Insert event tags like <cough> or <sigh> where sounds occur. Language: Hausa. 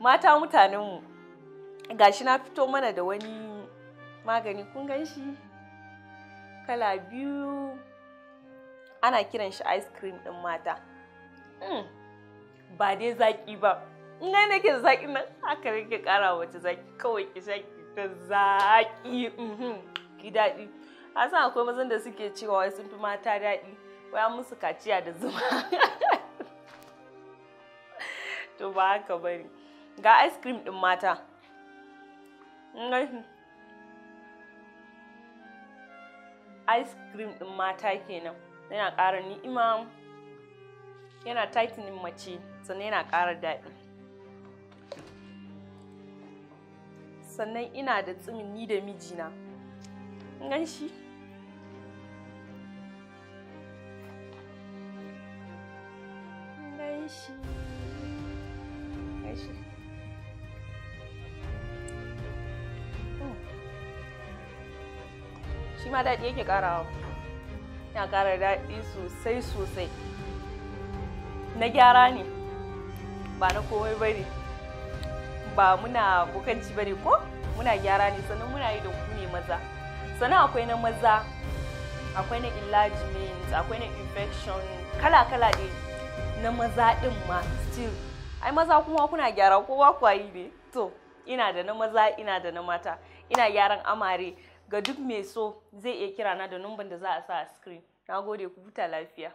mata mutanenmu gashi na fito mana da wani magani kun gan shi kala biyu ana kiran shi ice cream din mata hmm, ba dai zaƙi ba ina nake zaƙi nan haka nake ƙara wata zaƙi kawai ki zaki ta zaƙi mhm, ki daɗi a san akwai mazan da suke cewa wai sun fi mata daɗi wai an musu kaciya da zuma <laughs> to ba haka bane ga ice cream ɗin mata ice cream ɗin mata kenan yana ƙara ni'ima yana tightening mace sannan yana ƙara daɗi sannan ina da tsimin ni da mijina gan shi gan shi gan shi shi ma daɗi yake ƙarawa ya ƙara daɗi sosai sosai na gyara ne ba na komai ba ne ba muna bukanci ba ne ko muna gyara ne sannan muna yi da ku ne maza sannan akwai na maza akwai na enlargement akwai na infection kala-kala ne na maza ɗin ma still ai maza kuma kuna gyara kowa kwayi ne to ina da na maza ina da na mata ina gyaran amare ga duk mai so zai iya kira na da numban da za a sa a screen na gode ku huta lafiya